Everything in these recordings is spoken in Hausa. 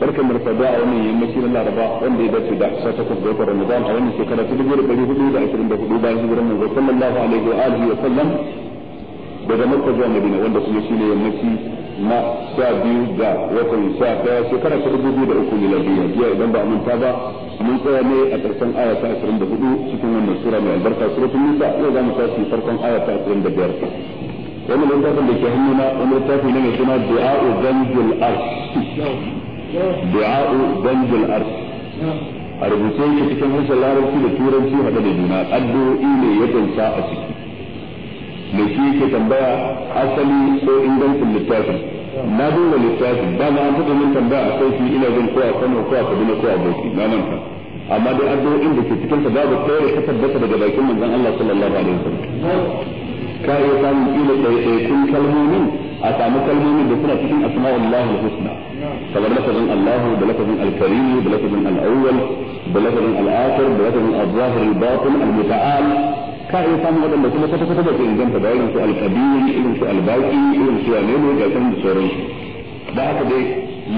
barkan da fada a wannan yammaci na laraba wanda ya dace da sa takwas da watan ramadan a wannan shekara ta dubu da ɗari hudu da ashirin da hudu bayan hijiran manzo sallallahu alaihi wa alihi wa sallam daga makka zuwa madina wanda kuma ne yammaci na sha biyu ga watan sha ɗaya shekara ta dubu da uku miladiyya jiya idan ba manta ba mun tsaya ne a ƙarshen aya ta ashirin da hudu cikin wannan sura mai albarka suratul nisa yau za mu tashi farkon aya ta ashirin da biyar wannan littafin da ke hannuna wani littafi ne mai suna du'a zanjul arsh du'a'u banjul ard a rubuce yake cikin musa larabci da turanci hada da juna addu'o'i ne ya kunsa a ciki mai shi yake tambaya asali ko ingancin littafin na duba littafin ba dama an taɓa min tambaya a kai shi ina jin ko a kano ko a kaduna ko a bauchi na manta amma dai addu'o'in da ke cikin sa babu kawai ta tabbata daga bakin manzon Allah sallallahu alaihi wasallam ka iya samun ila ɗaiɗaikun kalmomin a samu kalmomin da suna cikin asma'ullahi husna فبلفظ الله بلفظ الكريم بلفظ الاول بلفظ الاخر بلفظ الظاهر الباطن المتعال كاي فهم هذا المسلم فتكتب في الجنة بايلا سؤال كبير إلى سؤال باقي إلى سؤال نيلو جاكم بسوري بعد دي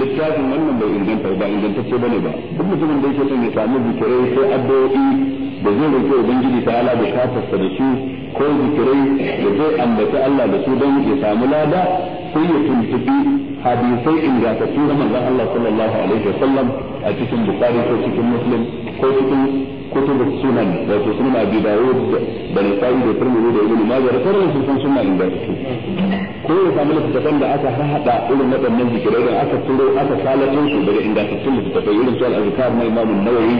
لكاز من من بايلا الجنة بايلا الجنة تسيبا لبا بل مثل من بيشة من يسامل بكري سي أبو إي بزيب الكو بنجي دي تعالى بشاف السرسو كو بكري لكي أن بتألا بسودا يسامل هذا سيئة تبيه hadisai ingantattu na manzon Allah sallallahu alaihi wasallam a cikin Bukhari ko cikin Muslim ko cikin kutubu sunan wato sunan Abi Dawud da Nasa'i da Tirmidhi da Ibn Majah da sauran su sun sunna ingantattu ko ya samu littattafan da aka hada irin waɗannan zikirai da aka turo aka salatin su daga ingantattun littattafai irin su al-Azkar na Imam Nawawi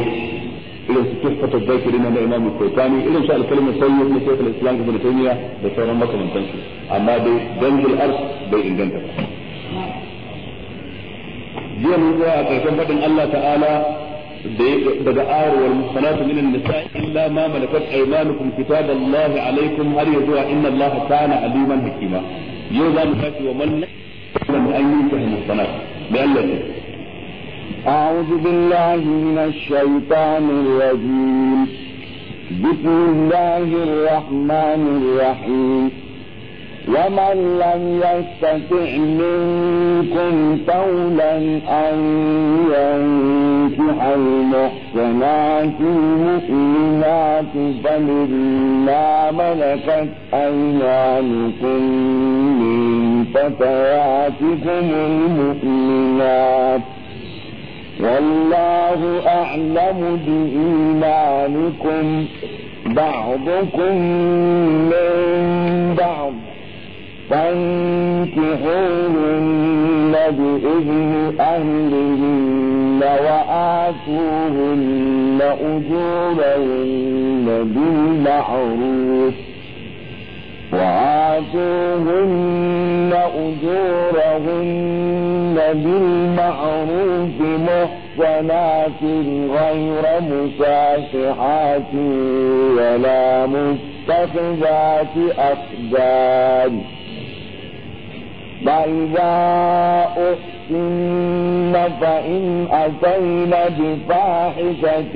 irin su tuffatar zakirin na imam Kotani irin su alkalmar sayyid na Shaykhul Islam Ibn Taymiyyah da sauran makamantansu amma dai dangul arsh bai inganta ba jiya mun tsaya a ƙarshen faɗin Allah ta'ala daga ayar wal muhsanatu min an-nisa illa ma malakat aymanukum kitaballahi alaykum har zuwa inna Allah kana aliman hakima yau za mu tashi wa man man an yi ta muhsanat da Allah ne أعوذ بالله من الشيطان الرجيم بسم الله الرحمن الرحيم ومن لم يستطع منكم طولا أن ينكح المحسنات المؤمنات فلما ملكت أيمانكم من فتياتكم المؤمنات والله أعلم بإيمانكم بعضكم من بعض فانكحوهن بإذن أهلهن وآتوهن أجورهن بالمعروف وآتوهن أجورهن بالمعروف محصنات غير مسافحات ولا متخذات أخدان فإذا أحسن فإن أتينا بفاحشة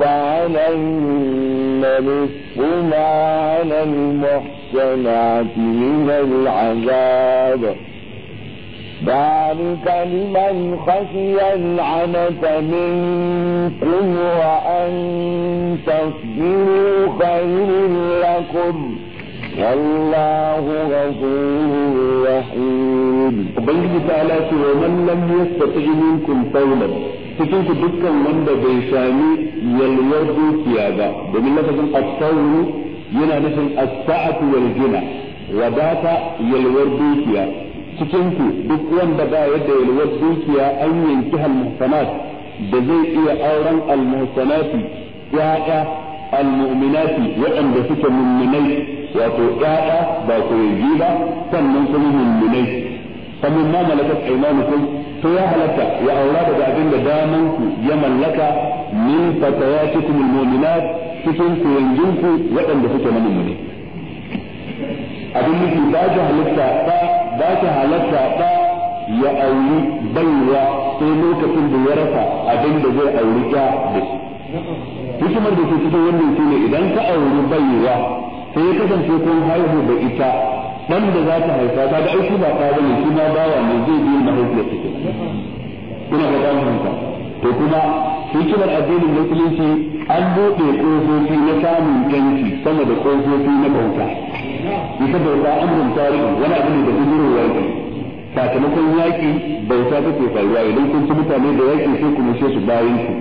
فعليهن نصف ما على المحسنات من العذاب ذلك لمن خشي العنة منكم وأن تصبروا خير لكم والله غفور رحيم ubangiji ta ala ce wa man lam yastati minkum cikin ku dukkan wanda bai sami yalwar dukiya ba domin lafazin at-tawru yana nufin as wal gina wadata yalwar dukiya cikin ku duk wanda ba yadda yalwar dukiya an yanki al-muhsanat da zai iya auren al-muhsanati ya'ya al-mu'minati waɗanda suke mummunai wato ƴaƴa ba koyayyu ba sannan kuma mummunai sannan ma malakat aymanukum to ya halatta ya aura daga abin da damanku ya mallaka min fatayatikum almu'minat cikin koyayyunku waɗanda suke na mummunai abin nufi ba ta halatta ba ba ta halatta ba ya auri baiwa sai lokacin da ya rasa abin da zai auri ta da shi hikimar da ke cikin wannan shine idan ka auri baiwa sai ya kasance kun haihu da ita dan da za ta haifa ta da aiki ba ta bane shi ma bawa mai zai biyo na haihuwa ke kuna ga dan hanta to kuma hikimar addinin musulunci an buɗe ƙofofi na samun yanci sama da ƙofofi na bauta ita bauta amrin tarihi wani abu ne da gudunar wani sakamakon yaƙi bauta take faruwa idan kun ci mutane da yaƙi sai ku mushe su bayan ku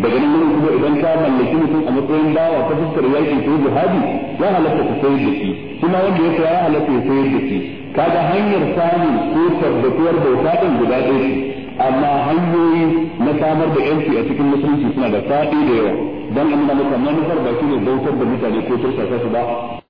daga nan mun kuma idan ka mallaki mutum a matsayin bawa ta fuskar yaƙi ko jihadi ya halatta ka sayar da shi kuma wanda ya saya ya halatta ya sayar da shi kaga hanyar samun ko tabbatuwar bauta ɗin guda ɗaya ce amma hanyoyi na samar da yanci a cikin musulunci suna da faɗi da yawa don an da maka manufar shi ne bautar da mutane ko tursa su ba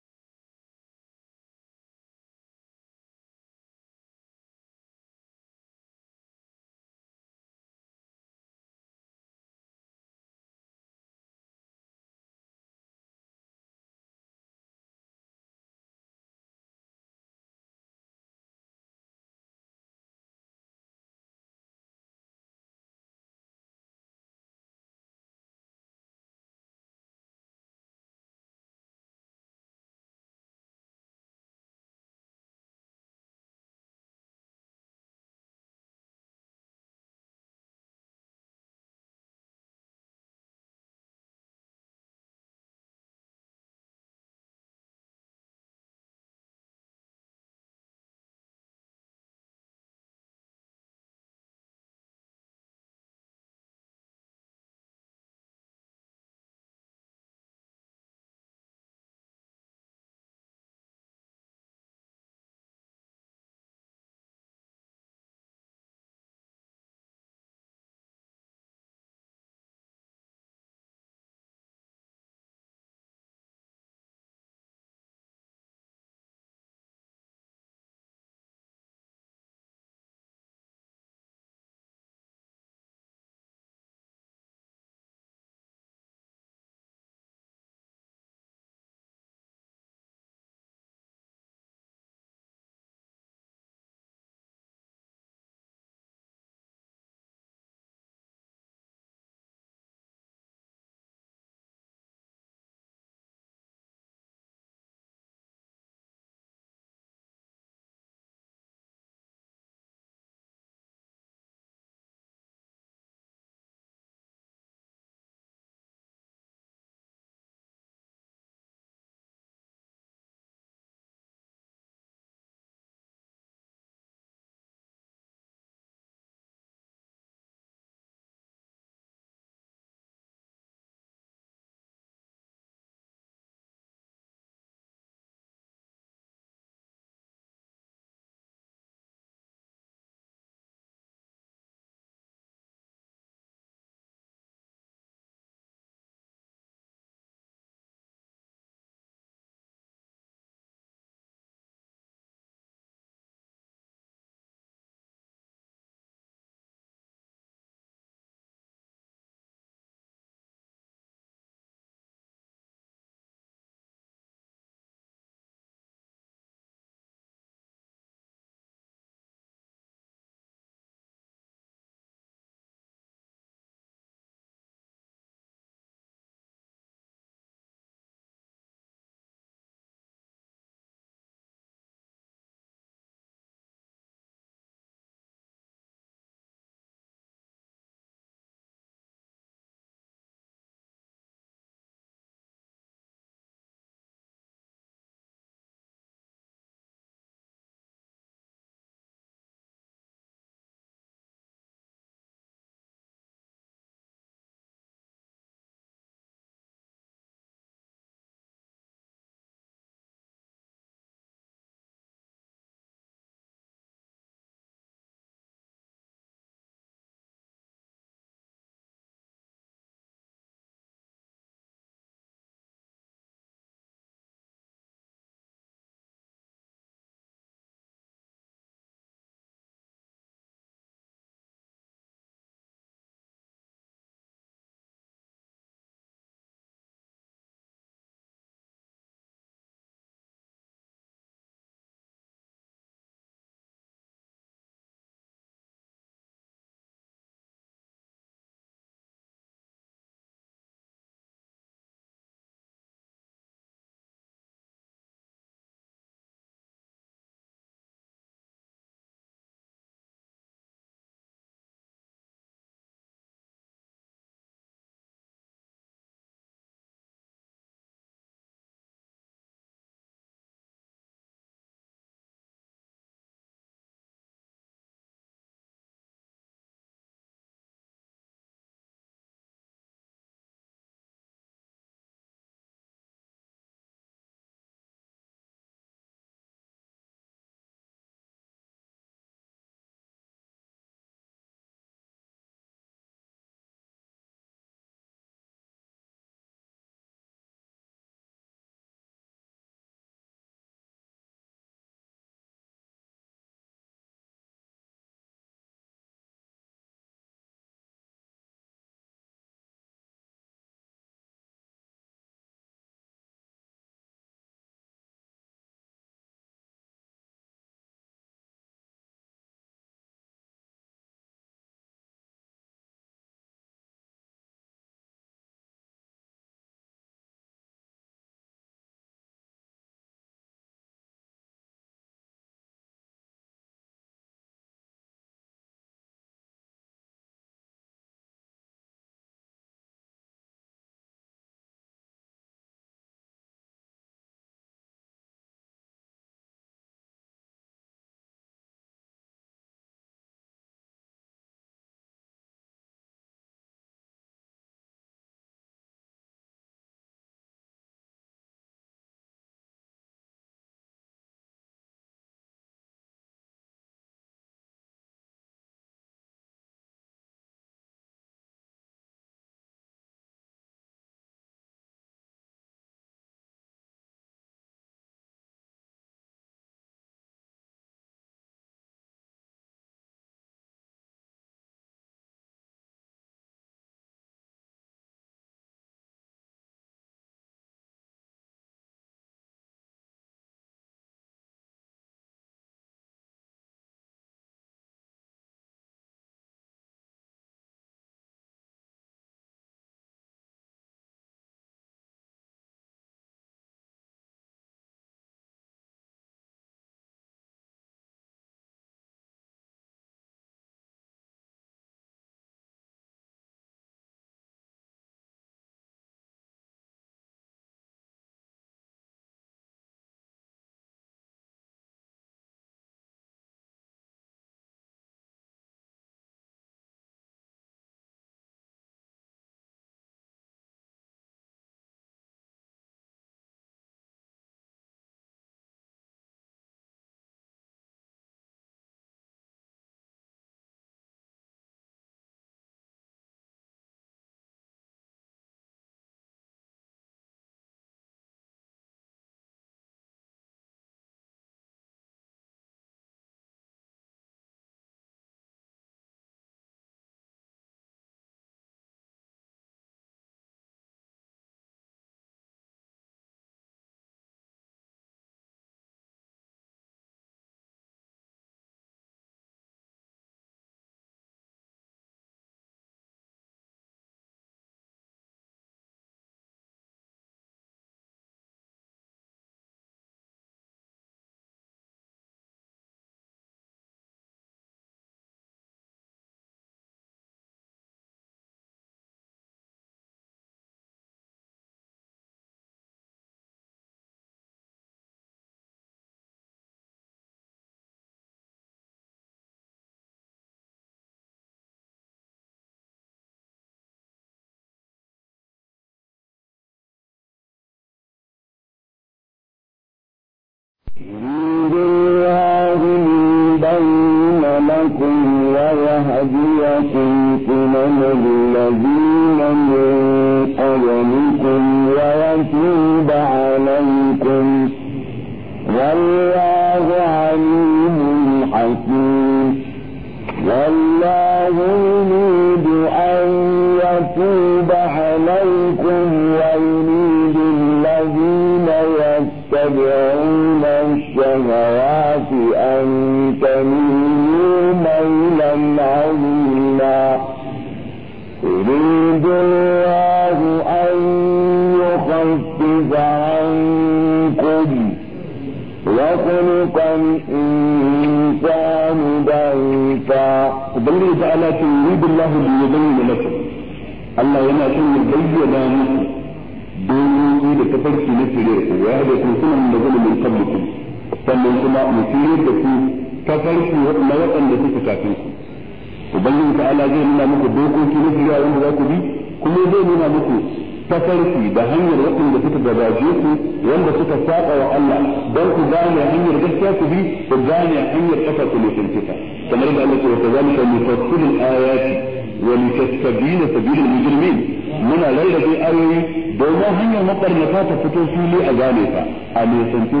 الآيات ولتستبين سبيل المجرمين من ليلة ayoyi domin hanyar mabarnata مطر fito fili a gane ta a nesance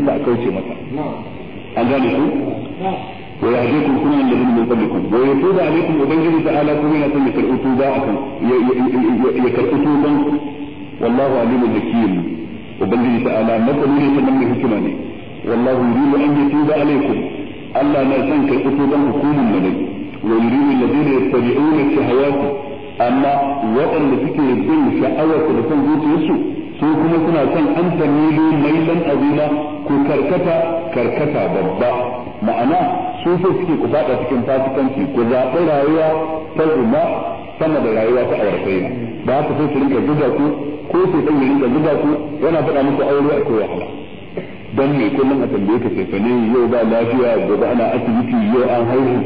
ta ويهديكم كل الذين من قبلكم ويتوب عليكم وبنجد تعالى كمينة ثم يكرؤتوا والله عليم الذكير وبنجد تعالى مثل ليس من الحكمة والله يريد أن يتوب عليكم ألا نسان كرؤتوا بنكم كونوا ملك ويريد الذين يتبعون الشهوات أما وأن فكر الدين شهوة لكم جوت يسو su kuma suna son an tamilu mailan azina ku karkata karkata babba ma'ana su so suke ku cikin fasikanci ku zaɓi rayuwa ta zuma sama da rayuwa ta awarkai ba haka sai su rinka zuga ko su ɗan yi rinka zuga yana faɗa muku aure a kowa hala mai me kullum a tambaye ka sai ne yau ba lafiya gobe ana asibiti yau an haihu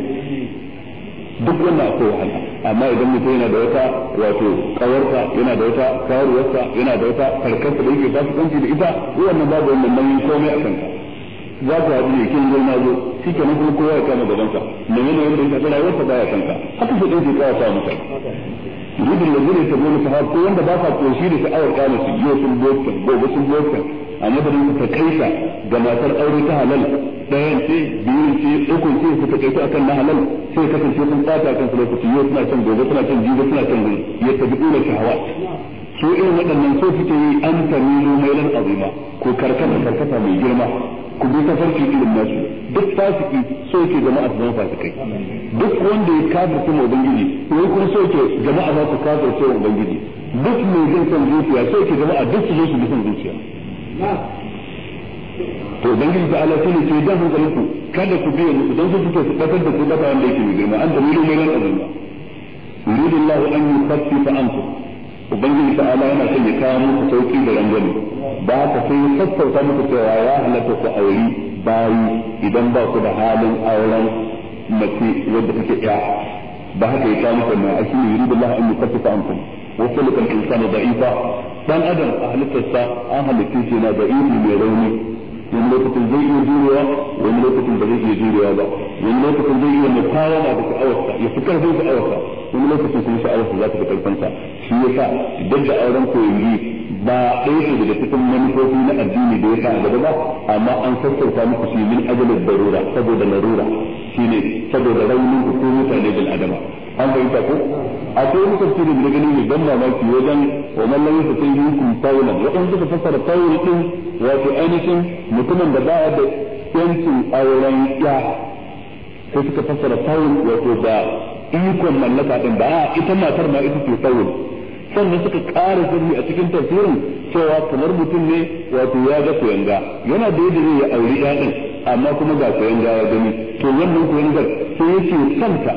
duk wannan akwai wahala amma idan mutum yana da wata wato kawarsa yana da wata kawarwarsa yana da wata karkarsa da yake fasikanci da ita wannan babu wannan nauyin komai a kanka za ka haɗu ne kin girma zo shi ke nan kuma kowa ya kama gabansa domin wanda ya tsara ba baya kanka haka shi ɗauke kawo sa mutane gudun da gudun ta gudun ta ko wanda ba sa koshi da sha'awar kama su yau sun bota gobe sun bota a madadin ka kai sa ga matar aure ta halal ɗayan ce biyun ce ukun ce suka kai ta akan na halal sai kasance sun ɓata akan su lokaci yau suna can gobe suna can jibi suna can gobe ya tabi ɗora shahawa su irin waɗannan so suke yi an tamilu mailan azima ko karkata karkata mai girma ku bi tafarki irin nasu duk fasiki so yake jama'a su zama fasikai duk wanda ya kafirce ma ubangiji wai kuma so yake jama'a za ku kafirce ma ubangiji duk mai jin son zuciya so yake jama'a duk su zo su bi son zuciya to ubangiji ta ala ke ce jan ku kada ku biye musu dan su fito su kafar da ku kafa wanda yake mai girma an da mai mai ran azuma yuridu Allah an yusaffifa ankum ubangiji ta ala yana son ya kawo muku sauki da rangwame ba ka sai ya sassauta muku cewa ya halatta ku auri bayi idan ba ku da halin auren mace wadda take ya ba haka ya kawo muku na asiri yuridu Allah an yusaffifa ankum wasu kullu kan da da'ifa dan adam a halittarsa an halitta shi na da iri mai rauni wani lokacin zai iya jurewa wani lokacin ba zai iya jurewa ba wani lokacin zai iya mutawana da sha'awarsa ya fi karfin sha'awarsa wani lokacin kuma sha'awarsa za ta fi karfinsa shi ya sa duk da auren koyi ba ɗaya ce daga cikin manufofi na addini da ya sa a gaba ba amma an sassauta muku shi min ajalin darura saboda larura shine saboda raunin hukumar mutane bil adama an ta ko akwai wani tafsirin da gani ne ban mamaki wajen wa mallan yasa sai yukun wa waɗanda suka fassara tawula din wato ainihin mutumin da ba da yancin auren ya ko suka fassara wa wato da ikon mallaka din ba ita matar ma ita ce tawul sannan suka ƙara sirri a cikin tafsirin cewa kamar mutum ne wato ya ga koyanga yana da yadda zai ya auri ɗaɗin amma kuma ga koyanga ya gani to wannan koyangar sai yake kanta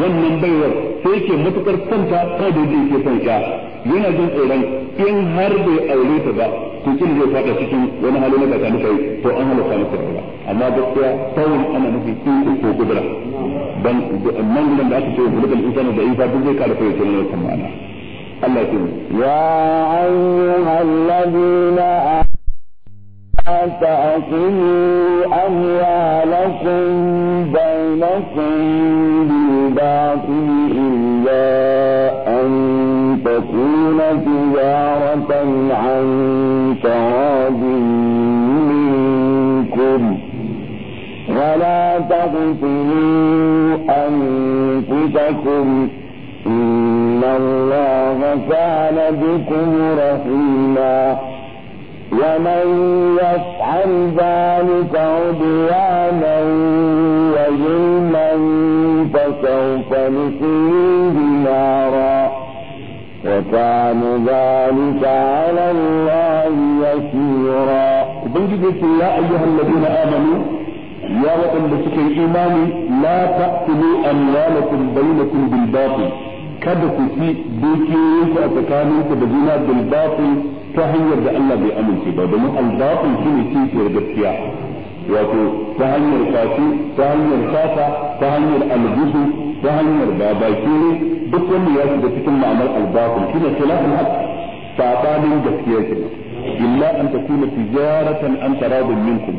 wannan baiwar sai yake matukar santa ta da yake ke son yana jin tsoron in har bai aure ta ba to kin zai fada cikin wani hali na kaka nufa to an halaka masa da amma gaskiya kawai ana nufi iko ko kudura dan nan gidan da aka ce gudan insani da isa duk zai kara fayyace mana wannan ma'ana Allah ya ya ayyuhal ladina تأكلوا أموالكم بينكم الباطل إلا أن تكون تجارة عن تراب منكم ولا تقتلوا أنفسكم إن الله كان بكم رحيما ومن يفعل ذلك عدوانا نسليه نارا وكان ذلك على الله يسيرا وبنجدك يا أيها الذين آمنوا يا وطن بسكي إيماني لا تأكلوا أموالكم بينكم بالباطل kada ku ci dukiyoyin a tsakanin da juna bil batil ta hanyar da Allah bai amince ba domin al batil shine kishiyar gaskiya wato ta hanyar kwaci ta hanyar fata ta hanyar albisu ta hanyar babaki ne duk wanda ya shiga cikin ma'anar albafin shi ne khilafin haq sabanin gaskiya ke illa an takuna tijaratan an taradun minkum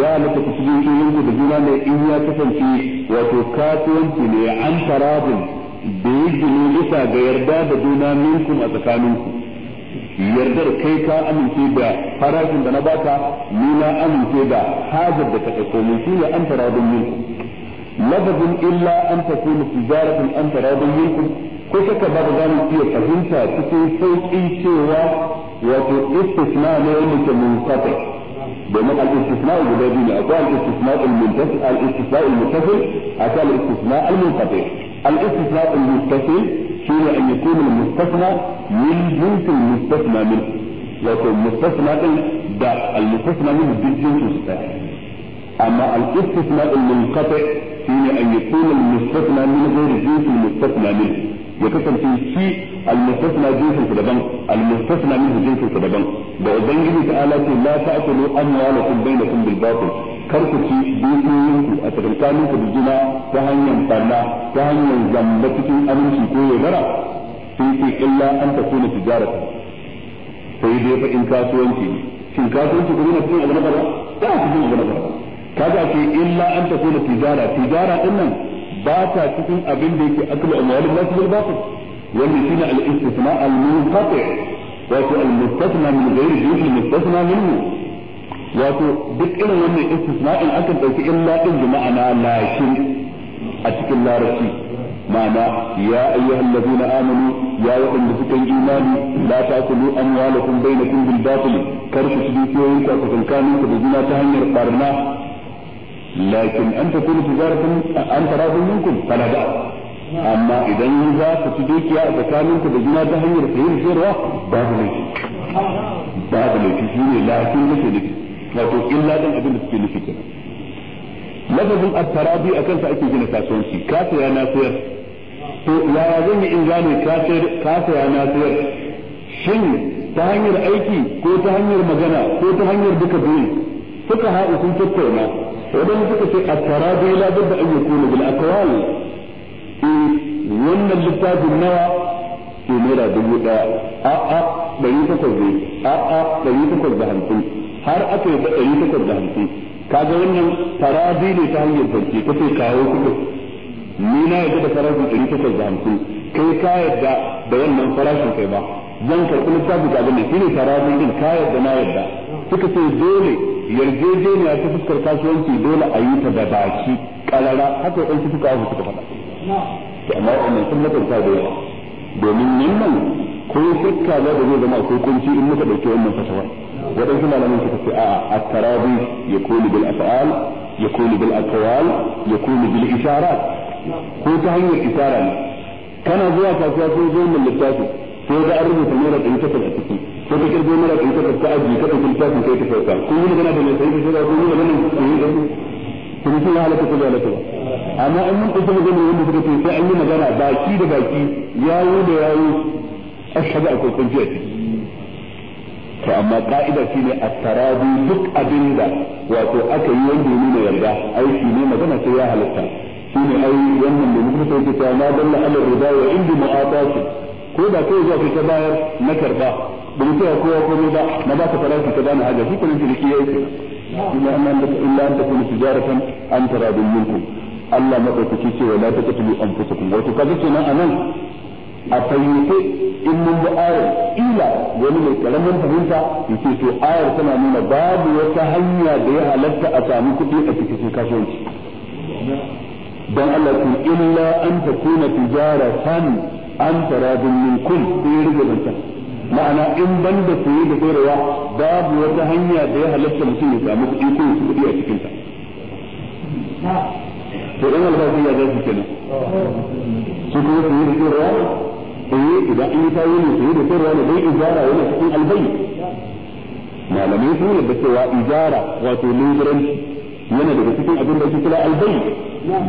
ya laka ku cikin yanku da juna mai in ya kasance wato kasuwanci ne an taradun da yi bisa ga yarda da juna minkum a tsakaninku yardar kai ka amince da farashin da na baka ni na amince da hajar da ka ɗauko min shi ne an taradun minkum lafazin illa an takuna tijaratun an yin minkum ko saka babu za mu iya fahimta cikin sauƙi cewa wato istisna ne wanda ke munkafa domin al-istisna guda biyu ne akwai al-istisna al-muntasil al-istisna al-muttasil akwai al-istisna al-munqati al-istisna al-muttasil شيء أن يكون المستثنى من جنس المستثنى منه وكو المستثنى ده المستثنى منه من جنس المستثنى أما الاستثناء المنقطع شيء أن يكون المستثنى من غير جنس المستثنى منه يكتب في شيء المستثنى جنس كدبان المستثنى منه جنس كدبان وأبين تعالى لا تأكلوا أموالكم بينكم بالباطل kar ku ci dukiyoyin a tsakanin ku da juna ta hanyar barna ta hanyar zamba cikin aminci ko yaudara sai ce illa an ta kuna tijara sai dai fa in kasuwanci shin kasuwanci kuma na cikin albarka ba ta cikin albarka ba kaga ke illa an ta kuna tijara tijara din nan ba ta cikin abin da yake aklu amwalin nasu bil batil wannan shine al-istisna al-munqati wato al-mustasna min ghairi jinsi mustasna minhu wato duk irin wannan istisna'in akan ɗauki illa ɗin bi ma'ana lakin a cikin larabci ma'ana ya ayyuhal ladina amanu ya waɗanda suka yi imani la ta'kulu amwalakum bainakum bil batil kar ku ci dukiyoyin ku ku kankani ku da juna ta hanyar barna lakin an takunu tijaratan an tarafin minkum fala da amma idan za ku ci dukiya a ku da juna ta hanyar da sayarwa babu laifi babu laifi shine lakin nake nufi wato illa dan abin da suke nufi kenan madadin at-tarabi akan sa ake gina kasuwanci ka saya na sayar to yaya zan yi in gane ka saya na sayar shin ta hanyar aiki ko ta hanyar magana ko ta hanyar duka biyu suka haɗu sun tattauna wadan suka ce at-tarabi la budda an yakuna bil aqwal wannan littafin nawa ke mera dubu daya a ɗari takwas ne a'a ɗari takwas da hamsin har aka yi ɗari takwas da hamsin kaga wannan tarabi ne ta hanyar zance ta ce kawo kuɗi ni na yadda da farashin ɗari takwas da hamsin kai ka yadda da wannan farashin kai ba zan karɓi littafi ga ne shi ne tarabi ɗin ka yadda na yadda suka ce dole yarjejeniya ta fuskar kasuwanci dole a yi ta da baki ƙarara haka ɗan su suka suka faɗa amma wannan sun mutunta da yawa domin nan ko shakka za da zai zama akwai kunci in muka ɗauki wannan fasawar. waɗansu malamin suka ce a'a at-tarabi yakunu bil af'al yakunu bil aqwal yakunu bil isharat ko ta hanyar isara ne kana zuwa kasuwa ko zo mun littafi sai ga an rubuta naira da takwas a ciki sai ka kirgo naira ɗari takwas ka ajiye ka ɗauki littafin kai ta sauka ko yi magana da mai sai ka shiga ko yi magana da mai sai ka shiga halaka ko da halaka ba amma an mun kusa magana wanda suka ce sai an yi magana baki da baki yawo da yawo ashhadu akwai kwanciya ciki to amma ka'ida shi ne a sarari duk abin da wato aka yi wanda ya nuna yarda ai shi ne magana sai ya halatta shi ne ai wannan da mutum sai ta na dalla ala rida wa indi mu'ata shi ko da kai zuwa kai ta bayar na karba da mutum ya kowa komai ba na ba ka farashi ka bani haja shi kuma jirgi ya yi illa an da illa an takuna tijaratan an taradun minkum Allah madaukaki cewa la taqtulu anfusakum wato kaga kenan anan a fahimce in mun bi ayar ila wani mai karamin fahimta yake to ayar tana nuna babu wata hanya da ya halatta a sami kuɗi a cikin kasuwanci dan Allah ku illa an takuna tijaratan an taradun minkum sai rige zanta ma'ana in banda saye da sayarwa babu wata hanya da ya halatta mutum ya samu kuɗi ko su kuɗi a cikin ta to dan Allah ya zai kenan su kuma su yi rike rawa saye idan an yi tayi ne saye da sayarwa ne dai ijara yana cikin albayi malamai sun yadda cewa ijara wato lingiranci yana daga cikin abin da ake kira albayi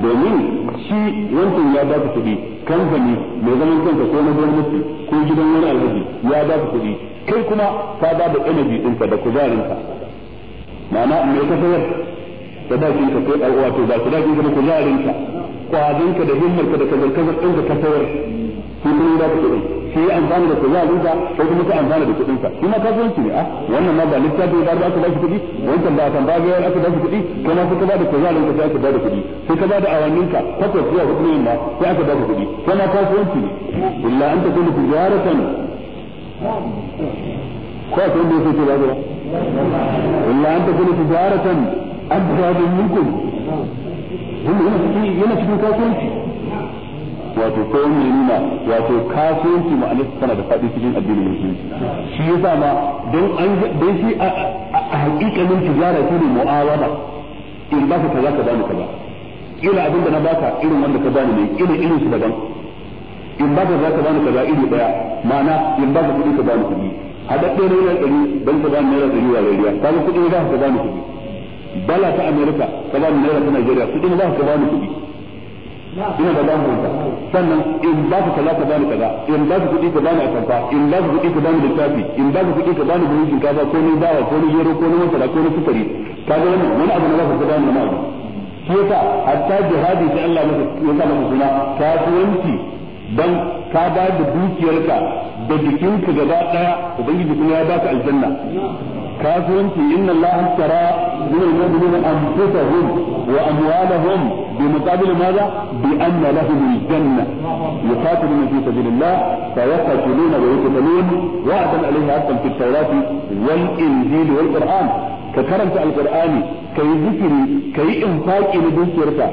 domin shi wancan ya baka kuɗi kamfani mai zaman kanka ko na gwamnati ko gidan wani alhaji ya baka kuɗi kai kuma ka ba da energy ɗinka da kuzarinka ma'ana mai ka sayar sadakin ka ko wato ba sadakin ka da kuzarinka kwazinka da himmarka da kazar ɗinka ka sayar shi kuma ya da kuɗin shi ya amfana da kuzarin sa ko kuma ta amfana da kuɗin sa shi ma kasuwanci ne a wannan ma ba littafi ba aka ba shi kuɗi wancan ba kan ba ga aka ba shi kuɗi ko ma suka ba da kuzarin ka aka ba da kuɗi suka ba da awannin ka takwas zuwa hudu ne ma sai aka ba da kuɗi ko ma kasuwanci ne illa an ta kuma tijaratan ko ta wanda yake ba da illa an ta kuma tijaratan abda minkum yana cikin kasuwanci wato ko wani nuna wato kasuwanci ma'anarsa tana da faɗi cikin addinin musulunci shi yasa ma don an don shi a hakikalin tijara shi ne mu'awada in ba ka kaza ka bani kaza kila abin da na baka irin wanda ka bani ne kila irin su daban in ba ka za ka bani kaza iri daya ma'ana in ba ka kuɗi ka bani kuɗi haɗaɗɗe naira ɗari don ka bani naira ɗari wa rariya ka ga kuɗi za ka bani kuɗi bala ta amerika ka bani naira ta najeriya kuɗi za ka bani kuɗi ina da damu ta sannan in ba ka kaza ka bani kaza in ba ka kuɗi ka bani akamfa in ba ka kuɗi ka bani littafi in ba ka kuɗi ka bani buhun shinkafa ko ni dawa ko ni yero ko ni masara ko ni sukari ga wannan wani abu na za ka bani na abu shi yasa hatta jihadi sai Allah ya sa masa suna kasuwanci dan ka ba da dukiyarka da jikinka gaba daya ubangiji kuma ya baka aljanna كافرين في إن الله اشترى من المؤمنين أنفسهم وأموالهم بمقابل ماذا؟ بأن لهم الجنة يقاتلون في سبيل الله فيقاتلون ويقتلون وعدا عليه حقا في التوراة والإنجيل والقرآن ككرمت القرآن كي ذكر كي إنفاق إلى ذكرك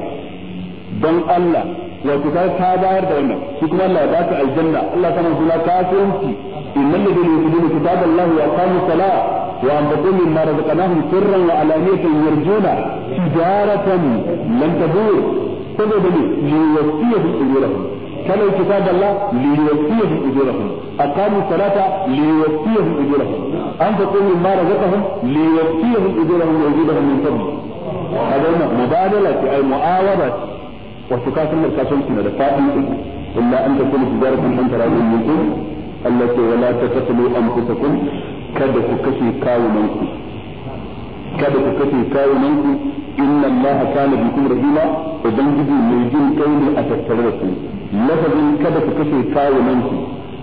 بل الله وكتاب كابار دائما شكرا الله ذات الجنة الله تعالى كافرين في إن الذين يقولون كتاب الله وأقاموا الصلاة وان تقول مما رزقناهم سرا وعلانية يرجون تجارة لن تدور سبب ليوفيهم اجورهم كانوا كتاب الله ليوفيهم اجورهم اقاموا الصلاة ليوفيهم اجورهم ان تقول مما رزقهم ليوفيهم اجورهم ويزيدهم من فضله هذا هو مبادلة اي معاوضة وتكاسل الكاسل في هذا الا ان تكون تجارة انت راضي منكم التي ولا تقتلوا انفسكم kada ku kashe kawunan ku kada ku kashe kawunan ku inna allaha kana bikum rahima ubangiji mai jin kai ne a tattare da ku lafazin kada ku kashe kawunan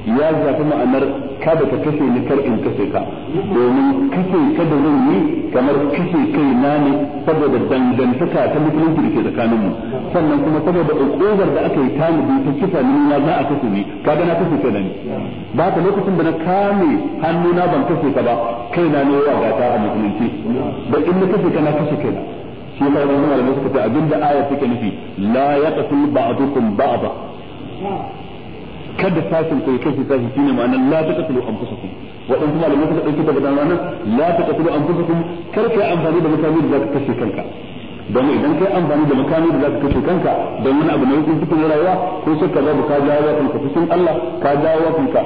ya zafi ma'anar kada ka kashe ni kar in kashe ka domin kashe ka da zan yi kamar kashe kai na ne saboda dangantaka ta musulunci da ke tsakaninmu sannan kuma saboda ukubar da aka yi tanadi ta kisa ni na za a kashe ni kaga na kashe kai na ni. ba ka lokacin da na kame hannuna ban kashe ka ba kai na ne ya gata a musulunci da in na kashe ka na kashe kai na shi yasa wannan malamai suka ce abinda ayar take nufi la yaqtul ba'dukum ba. kada sasin ku ya shi sasin shine ma'ana la taqtulu anfusakum kuma lamma suka ɗauki daga dan ranan la taqtulu anfusakum kar ka amfani da mutane da zaka kashe kanka don idan kai amfani da makami da zaka kashe kanka don wani abu na yake cikin rayuwa ko shakka babu ka jawo kanka cikin Allah ka jawo kanka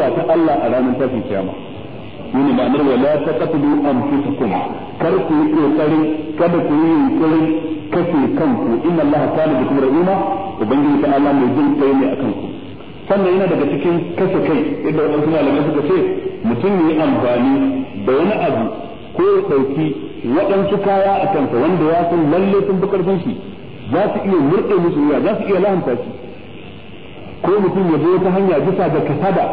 ba ta Allah a ranar tashin kiyama shine ma'anar wala taqtulu anfusakum kar ku yi kokarin kada ku yi yunkurin kashe kanku inna Allah kana bikum rahima ubangiji ta Allah mai jin kai ne akan ku sannan yana daga cikin kashe kai yadda wasu malamai suka ce mutum yi amfani da wani abu ko ya ɗauki waɗansu kaya a kansa wanda ya san lalle sun fi ƙarfin shi za su iya murɗe musu wuya za su iya lahanta shi ko mutum ya zo ta hanya bisa da kasada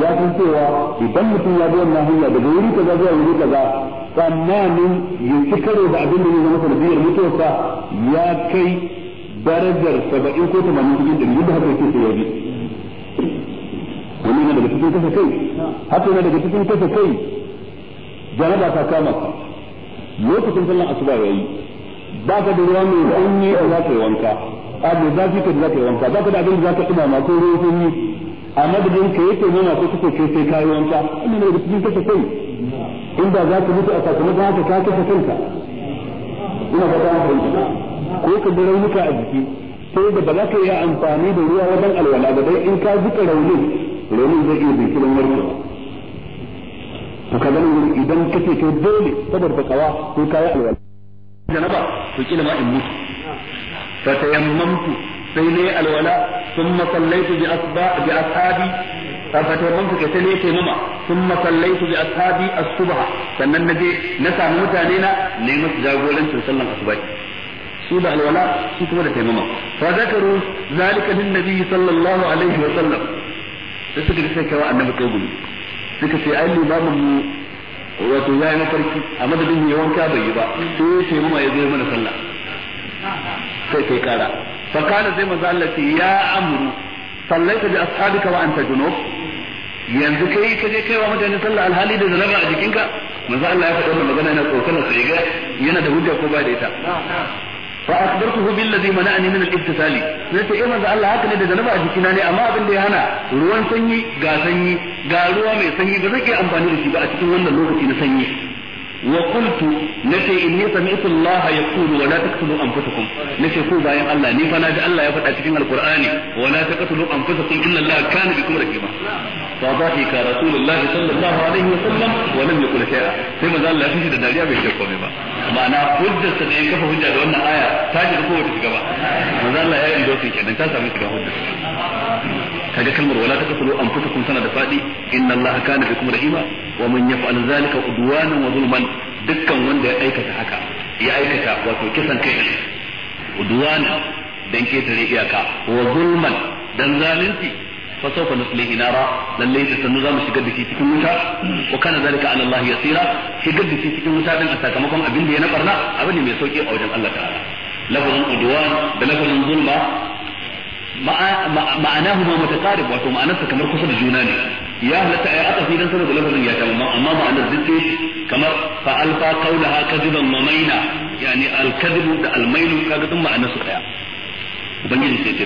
ya san cewa idan mutum ya bi wannan hanya daga wuri kaza zuwa wuri kaza tsammanin ya ci karo da abin da ya zama sanadiyar mutuwarsa ya kai darajar saba'in ko tamanin cikin ɗari da haka yake sai ya yi. wani ne daga cikin kasa kai haka yana daga cikin kasa kai jaraba ta kama ka lokacin sallan asuba yayi ba ka da ruwa mai sanyi da za ka yi wanka a da zafi ka da za ka yi wanka ba ka da abin da za ka ɗumama ko ruwan sanyi a madadin ka yake nuna ko kuka ce sai kayi wanka ina daga cikin kasa kai inda za ka mutu a sakamakon haka ka kasa kanka ina ba ta hankali ko ka da raunuka a jiki sai da ba za ka yi amfani da ruwa wajen alwala ba dai in ka jika raunin raunin zai iya jinkirin warkewa to ka gani idan kake to dole saboda kawa ko kayi alwala janaba to kila ma in mutu fa tayammamtu sai nayi alwala thumma sallaitu bi asba bi ashabi fa tayammamtu kai sai nayi tayammama thumma sallaitu bi ashabi as-subha sannan naje na samu mutane na nayi musu jagorancin sallan asuba su da alwala su kuma da tayammama fa zakaru zalika lin nabi sallallahu alaihi wa sallam sai suka sai kawo annabi tsogulu suka ce ai limamin mu wato ya na farki a madadin ya wanka bai yi ba sai ya ce mu ya zo mana sallah sai kai kara fa kana sai manzo Allah ce ya amru sallaita bi ashabika wa anta junub yanzu kai ka je kaiwa mutane sallah alhali da zalaba a jikinka manzo Allah ya faɗa magana yana tsokana sai ga yana da hujja ko ba da ita fa akhbartuhu billadhi mana'ani min al-ittisali nace eh manzo Allah haka ne da zanaba a jikina ne amma abin da ya hana ruwan sanyi ga sanyi ga ruwa mai sanyi ba zai iya amfani da shi ba a cikin wannan lokaci na sanyi وقلت نتي إني سمعت الله يقول ولا تقتلوا أنفسكم نتي كو باين الله ني فانا جاء الله يفعل أتكين القرآن ولا تقتلوا أنفسكم إن الله كان بكم رحيما فضحك رسول الله صلى الله عليه وسلم ولم يقل شيئا ثم قال الله تشهد الدنيا بشيء قومي با معنى حجة سنين كفا حجة لأن آية تاجر قوة تشكبا وقال الله يا إلوكي كأن تاسع من تشكبا حجة kaga kalmar wala taqtulu anfusakum sana da fadi inna allaha kana bikum rahima wa man yaf'al zalika udwanan wa zulman dukkan wanda ya aikata haka ya aikata wato kisan kai udwana dan ketare iyaka wa zulman dan zalunci fa sawfa nuslihi nara lalle ta sanu zamu shigar da shi cikin wuta wa kana zalika ala Allah yasira shigar da cikin wuta dan a sakamakon abin da ya na barna abin ne mai sauki a wajen Allah ta'ala lafazin udwan da lafazin zulma ma'anahu ma mutaqarib wato ma'anarsa kamar kusa da juna ne ya halatta ay atafi dan saboda lafazin ya kama amma ma'anar dinki kamar fa alfa qawlaha kadiban wa maina yani al kadibu da al mailu kaga dun ma'anarsu daya ubangiji sai ce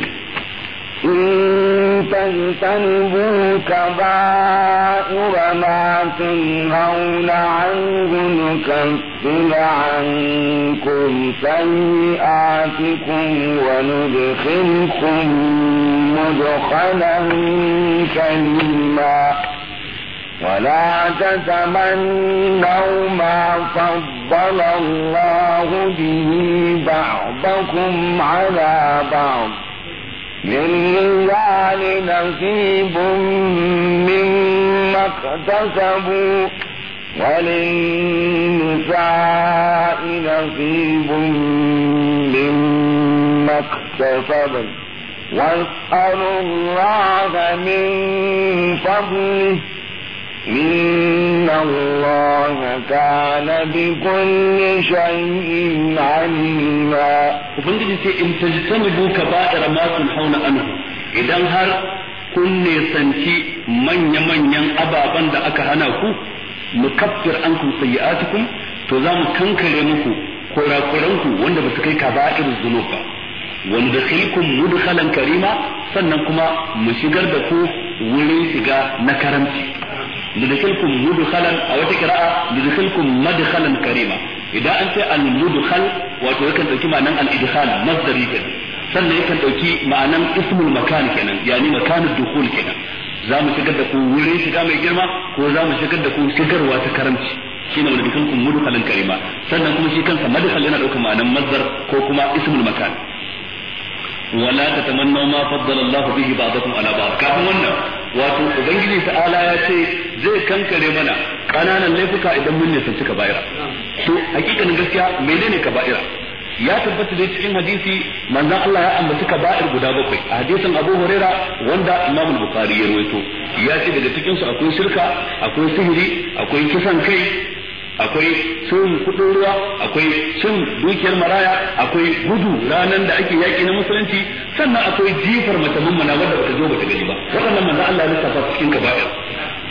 إن كبائر ما تنهون عنه نكفر عنكم سيئاتكم وندخلكم مدخلا كريما ولا تتمنوا ما فضل الله به بعضكم على بعض للرجال نصيب مما اكتسبوا وللنساء نصيب مما اكتسبن واسألوا الله من فضله إن الله كان بكل شيء عليما ubangiji sai in tajtanibu kaba'ira ma hauna anhu idan har kun nisanci manya-manyan ababen da aka hana ku Mu nukaffir sayi sayyi'atikum to za mu kankare muku kurakuranku wanda ba su kai kaba'ir zunub ba wanda khilkum mudkhalan karima sannan kuma mu shigar da ku wurin shiga na karamci lidkhilkum mudkhalan a wata qira'a lidkhilkum madkhalan karima idan an ce al wato yakan dauki ma'anan al-idkhal masdari kenan sannan yakan dauki ma'anan ismul makan kenan yani makanul dukhul kenan za mu shigar da ku wurin shiga mai girma ko za mu shigar da ku shigarwa ta karamci shine wanda dukan kun mudkhalin karima sannan kuma shi kansa madkhal yana daukar ma'anan masdar ko kuma ismul makan wala tatamannu ma faddala Allahu bihi ba'dakum ala ba'd kafin wato ubangiji ta'ala ya ce zai kankare mana kananan laifuka idan mun nisanci kaba'ira to hakikanin gaskiya menene kaba'ira ya tabbata dai cikin hadisi manzon Allah ya ambaci kaba'ir guda bakwai a hadisin Abu Huraira wanda Imam Bukhari ya rawaito ya ce daga cikin su akwai shirka akwai sihiri akwai kisan kai akwai sun kudin ruwa akwai sun dukiyar maraya akwai gudu ranar da ake yaki na musulunci sannan akwai jifar mace mummuna wadda bata zo bata gani ba waɗannan manzo Allah ya lissafa cikin gaba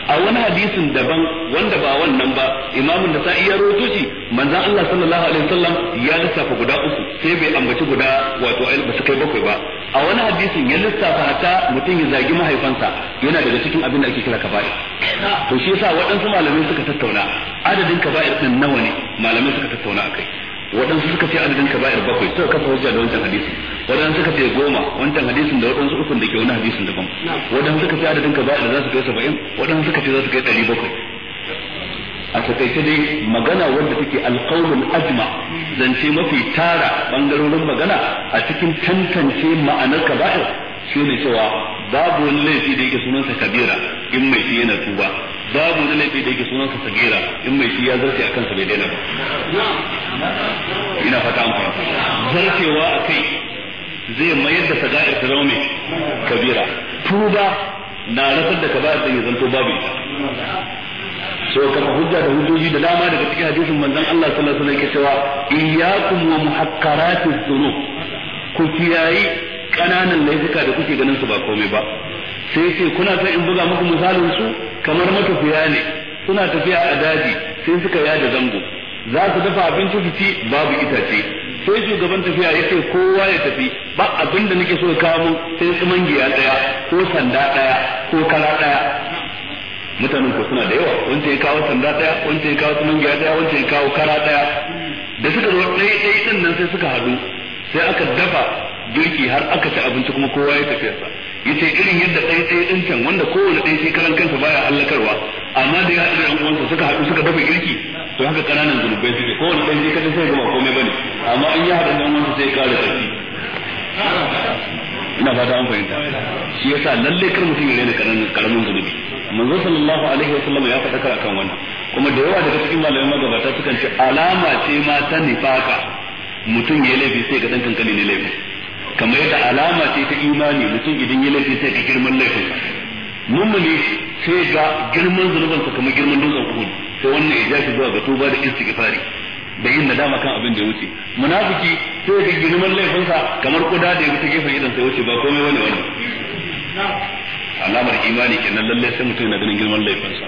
a wani hadisin daban wanda ba wannan ba imamun da sa'i ya rawaito shi manzon Allah sallallahu alaihi wasallam ya lissafa guda uku sai bai ambaci guda wato ba su kai bakwai ba a wani hadisin ya lissafa ta mutum ya zagi mahaifansa yana daga cikin abin da ake kira kaba'ir to shi yasa waɗansu malamai suka tattauna adadin kaba'ir din nawa ne malamai suka tattauna akai waɗansu suka ce adadin kaba'ir bakwai suka kafa hujja da wancan hadisi wadan suka ce goma wancan hadisin da wadansu ukun da ke wani hadisin daban wadan suka ce adadin kaza da za su kai saba'in wadan suka ce za su kai ɗari bakwai a takaice dai magana wadda take alƙawlul ajma zance mafi tara bangarorin magana a cikin tantance ma'anar kaba'ir shi ne cewa babu wani laifi da yake sunansa kabira in mai shi yana tuba babu wani laifi da yake sunansa sagira in mai shi ya zarce a kansa bai daina ba ina fata an fara zarcewa a kai zai mayar da saga'ir ta zama mai. kabira tuba na rasar da kaba'ir da ya zanto babu so kafa hujja da hujjoji da dama daga cikin hadisin manzon Allah sallallahu alaihi wasallam cewa iyyakum wa muhaqqaratiz dhunub ku kiyayi kananan laifuka da kuke ganin su ba komai ba sai ce kuna son in buga muku misalin su kamar matafiya ne suna tafiya a daji sai suka yada zango za su dafa abinci su ci babu itace sai shugaban tafiya ya ce kowa ya tafi ba abin da nake so kawo mun sai giya daya ko sanda daya ko kara daya mutanen ku suna da yawa wanda ya kawo sanda daya wanda ya kawo giya daya wanda ya kawo kara daya da suka zo ɗaya ɗaya din nan sai suka haɗu sai aka dafa girki har aka ci abinci kuma kowa ya tafi sa yace irin yadda ɗaya ɗaya ɗin can wanda kowane ɗaya sai karan kansa baya allakarwa amma da ya haɗu da sa suka haɗu suka dafa girki to haka ƙananan zunubai suke kowane ɗaya sai kada sai gama komai bane amma in ya haɗu da uwansa sai ya ƙara ƙarfi ina fata ta fahimta shi yasa lalle kar mutum ya rena ƙaramin ƙaramin zunubi manzo sallallahu alaihi wasallam ya faɗa kar wannan kuma da yawa daga cikin malamai magabata sukan ce alama ce ma ta nifaka mutum ya laifi sai ga ɗan kankani ne laifi kamar yadda alama ce ta imani mutum idan ya laifi sai ka girman laifin mummuni sai ga girman zunuban ka kamar girman dutsen uhud sai wannan ya shi zuwa ga tuba da istighfari da yin nadama kan abin da ya wuce munafiki sai ga girman laifinsa kamar kuda da ya wuce gefen idan sai wuce ba komai wani wani alamar imani kenan lallai sai mutum yana ganin girman laifinsa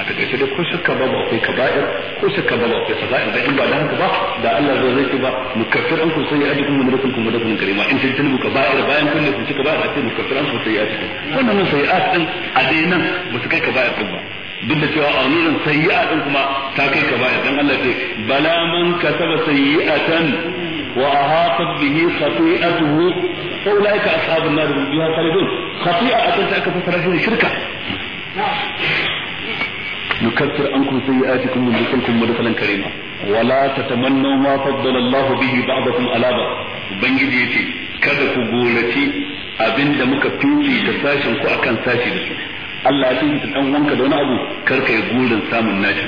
a takaice da ko suka ba akwai kaba'ir ko suka ba akwai saza'ir da in ba da haka ba da Allah zai zai ba mukaffir an kun sai ajikum min rabbikum wa rabbikum karima in tin tilbu kaba'ir bayan kun ne kun ci kaba'ir sai mukaffir an kun sai ajikum wannan mun sai ajikum a dai nan ba su kai kaba'ir din ba duk da cewa a nurin sayyi'a din kuma ta kai kaba'ir dan Allah ce bala man kasaba sayyi'atan wa ahaqat bihi khati'atuhu fa ulaika ashabun nar hum fiha khalidun khati'a akan ta aka fara shi shirka nukaffir ankum sayyi'atikum wa nudkhilkum mudkhalan karima wala tatamannu ma faddala Allah bihi ba'dakum ala ba'd yace kada ku gorace abinda muka fifita sashen ku akan sashi da su Allah ya ta dan wanka da wani abu ka yi gurin samun naci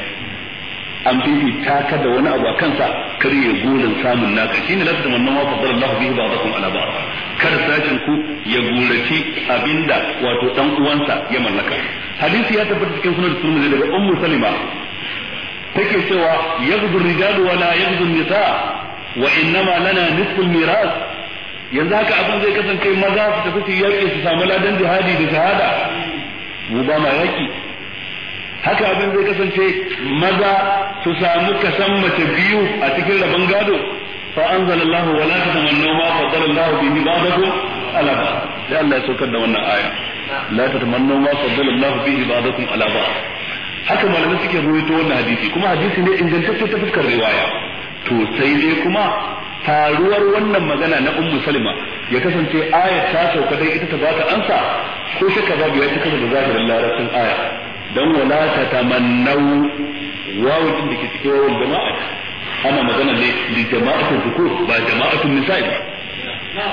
an fifita ka da wani abu akan sa kar ya gurin samun naka shine la tatamannu ma faddala Allah bihi ba'dakum ala ba'd kar sashin ku ya gurace abinda wato dan uwansa ya mallaka hadisi ya tabbata cikin sunan turmizi daga ummu salima take cewa yaghdu rijalu wala yaghdu nisa wa innama lana nisful miras yanzu haka abin zai kasance maza su tafi su yaƙi su samu ladan jihadi da shahada mu ba ma haka abin zai kasance maza su samu kasan mace biyu a cikin rabon gado fa anzalallahu wa la tatamannu ma faddala Allahu bihi ba'dakum ala ba'd sai Allah ya saukar da wannan aya la tatamannu ma faddala Allahu bihi haka malamai suke ruwaito wannan hadisi kuma hadisi ne ingantacce ta fuskar riwaya to sai dai kuma faruwar wannan magana na ummu salima ya kasance aya ta sauka dai ita ta bata ansa ko shakka babu ya cika da zahirin larabcin aya dan wala ta tamannau wawu din da ke cikin wawan jama'a ana magana ne li jama'atul zukur ba jama'atul nisa'i ba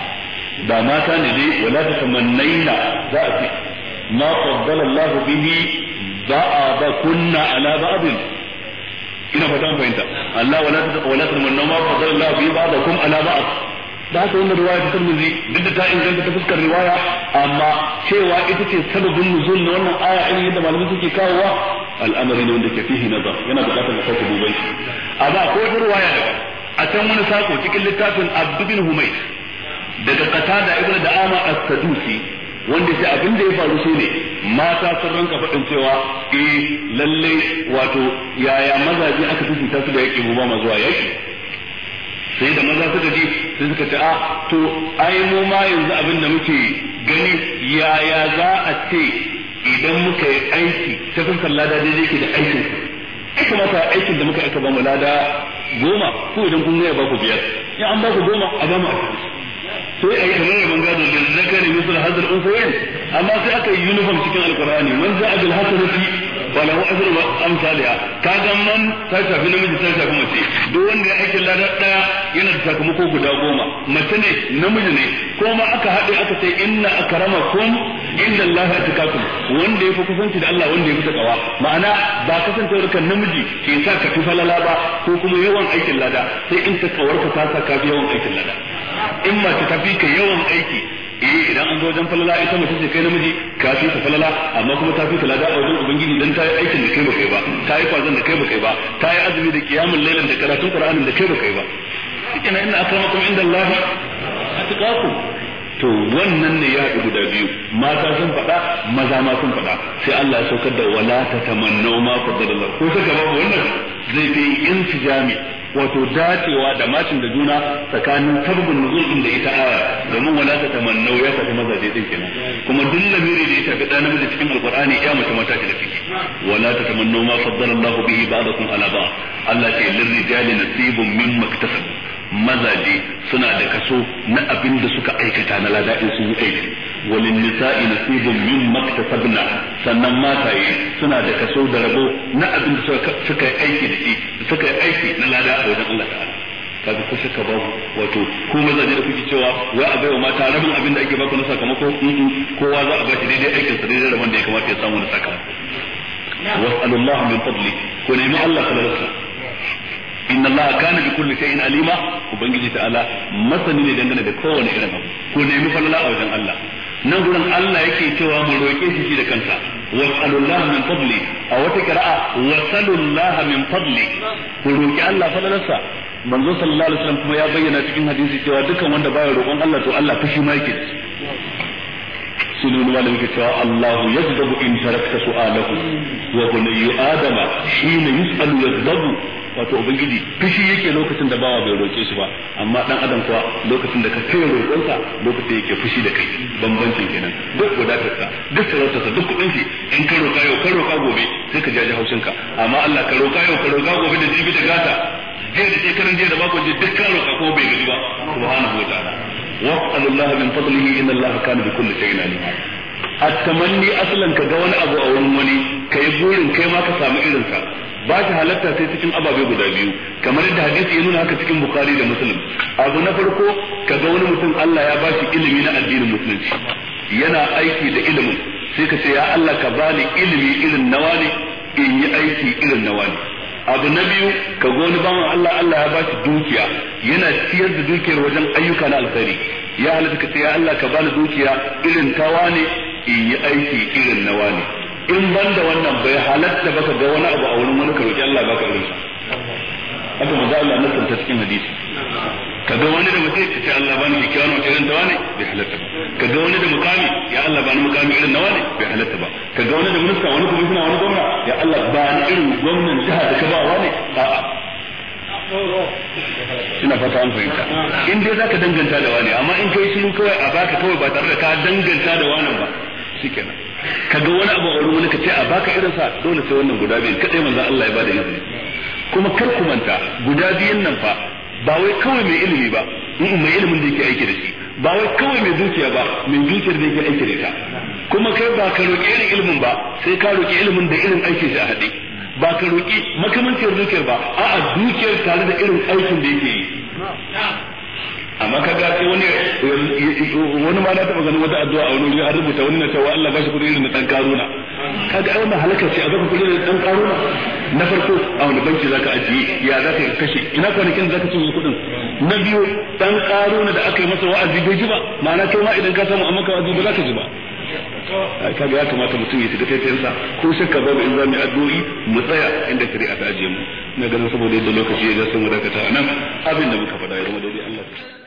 da mata ne dai wala ta tamannaina za a ce ma faddala Allah bihi ba kunna ala abin ina fata an fahimta Allah wala ta wala ta tamanna ma faddala Allah bihi kun ala ba'd da haka wannan riwaya ta Tirmidhi duk da ta inganta ta fuskar riwaya amma cewa ita ce sababin nuzul na wannan aya irin yadda malamai suke kawowa al'amari ne wanda ke fihi nazar yana bukatar da sauka a shi ba ko ruwaya a can wani sako cikin littafin Abdu bin Humayr daga da ibn ama as-Sadusi wanda sai abin da ya faru ne mata sun ranka faɗin cewa e lalle wato yaya mazaje aka fifita su da yake mu ba ma zuwa yaki sai da maza suka ji sai suka ce a ah, to ai mu ma yanzu abin da muke gani yaya za a ce idan muka yi aiki ta fuskar lada daidai ke da aikin ai kamata aikin da muka aika ba mu lada goma ko idan kun gaya ba ku biyar in an ba ku goma a ba mu a sai a yi kamar da ban da zakari misal hazar unsayin amma sai aka yi uniform cikin alkur'ani man a bil hasanati wa asru amsalha kaga man ta shafi namiji ta shafi mace duk wanda ya aikin lada daya yana da sakamako guda goma mace ne namiji ne ko ma aka haɗe aka ce inna akramakum inda Allah ya wanda ya fi kusanci da Allah wanda ya fi takawa ma'ana ba kasancewar kan namiji ke sa ka fi falala ba ko kuma yawan aikin lada sai in takawar ka ta sa ka fi yawan aikin lada in mace ta fi ka yawan aiki eh idan an zo wajen falala ita mace ce kai namiji ka fi ta falala amma kuma ta fi ta lada a wajen ubangiji dan ta yi aikin da kai ba kai ba ta yi kwazon da kai ba kai ba ta yi azumi da kiyamul lailan da karatun qur'anin da kai ba kai ba na inna akramakum indallahi atqakum to wannan ne ya haɗu guda biyu mata sun faɗa maza ma sun faɗa sai Allah ya saukar da wala ta tamannau ma faddala ko saka babu wannan zai fi intijami wato dacewa da macin da juna tsakanin tarbin nuzul da ita aya domin wala ta tamannau ya fata mazaje din kenan kuma duk lamiri da ita da namiji cikin alqur'ani ya mace mata ta ciki wala ta tamannau ma faddala Allah bihi ba'dakum ala ba'd Allah ce lirrijali nasibun mimma iktasab mazaje suna da kaso na abin da suka aikata na lada in sun yi aiki walin nisa'i nasibun min maktasabna sannan mataye suna da kaso da rabo na abin da suka yi aiki da shi suka yi aiki na lada a wajen Allah ta'ala kaga ko shakka babu wato ko mazaje da kuke cewa wa a baiwa mata rabin abin da ake baku na sakamako kowa za a ba shi daidai aikin sa daidai rabon da ya kamata ya samu na sakamako was'alullahi min fadli ko nemi Allah sallallahu alaihi wasallam inna allaha kana bi kulli shay'in alima ubangiji ala masani ne dangane da kowane irin abu ko nemi falala a wajen Allah nan gurin Allah yake cewa mu roƙe shi shi da kansa wasallallahu min fadli a wata qira'a wasallallahu min fadli ku roƙi Allah falalarsa manzo sallallahu alaihi wasallam kuma ya bayyana cikin hadisi cewa dukkan wanda baya roƙon Allah to Allah fushi ma yake sun yi malami ke cewa Allahu yazdabu in tarakta su'alahu wa bunayyu adama shine yus'alu yazdabu wato ubangiji fishi yake lokacin da bawa bai roke shi ba amma dan adam kuwa lokacin da ka kai sa lokacin yake fushi da kai bambancin kenan duk wadatar sa duk sarautar sa duk kudin ki in ka roƙa yau ka roƙa gobe sai ka jaji haushin ka amma Allah ka roƙa yau ka roƙa gobe da jibi da gata jiya da shekaran jiya da bakon je duk ka roƙa ko bai gaji ba subhanahu wa ta'ala was'alullaha min fadlihi inna Allah kana bi kulli shay'in alim a tamanni aslan ka ga wani abu a wurin wani kai burin kai ma ka samu irinsa ba shi halatta sai cikin ababe guda biyu kamar yadda hadisi ya nuna haka cikin bukhari da muslim abu na farko kaga wani mutum Allah ya bashi ilimi na addinin musulunci yana aiki da ilimin sai ka ce ya Allah ka bani ilimi irin ne in yi aiki irin ne. abu na biyu ka ga wani bawan Allah Allah ya bashi dukiya yana ciyar da dukiyar wajen ayyuka na alkhairi ya halatta ka ce ya Allah ka bani dukiya irin tawa ne in yi aiki irin nawa ne in ban da wannan bai halatta baka ga wani abu a wurin wani ka roki Allah baka roki haka manzo Allah na tsanta cikin hadisi kaga wani da mutum ce Allah bani kikkiawan wata irin tawa ne bai halatta ba kaga wani da mukami ya Allah bani mukami irin nawa ne bai halatta ba kaga wani da minista wani kuma wani gwamna ya Allah bani irin gwamnan jiha da ka ba wani a ina fata an fahimta in dai zaka danganta da wani amma in kai shiru kawai a baka kawai ba tare da ka danganta da wani ba shikenan Ka kaga wani abu a wani ka ce a baka irin sa dole sai wannan guda biyu kadai manzon Allah ya bada izini kuma kar ku manta guda biyun nan fa ba wai kawai mai ilimi ba mai ilimin da yake aiki da shi ba wai kawai mai dukiya ba mai dukiyar da yake aiki da ita kuma kai ba ka roƙi irin ilimin ba sai ka roƙi ilimin da irin aiki shi a haɗe ba ka roƙi makamancin dukiyar ba a'a dukiyar tare da irin aikin da yake yi amma kaga sai wani wani ma na taba ganin wata addu'a a wani wuri an rubuta wani na cewa Allah ba shi kudi irin na dan karuna kaga ai wannan halaka ce a zaka kudi irin dan karuna na farko a wani banki zaka ajiye ya zaka kashe ina kwanakin zaka cinye kudin na biyu dan karuna da aka yi masa wa'azi bai ji ba ma'ana kai ma idan ka samu amma ka wa'azi ba zaka ji ba kaga ya kamata mutum ya shiga taitayensa ko shakka babu in zamu addu'o'i mu tsaya inda shari'a ta ajiye mu na ganin saboda yadda lokaci ya ga sun dakata anan abin da muka faɗa ya zama daidai Allah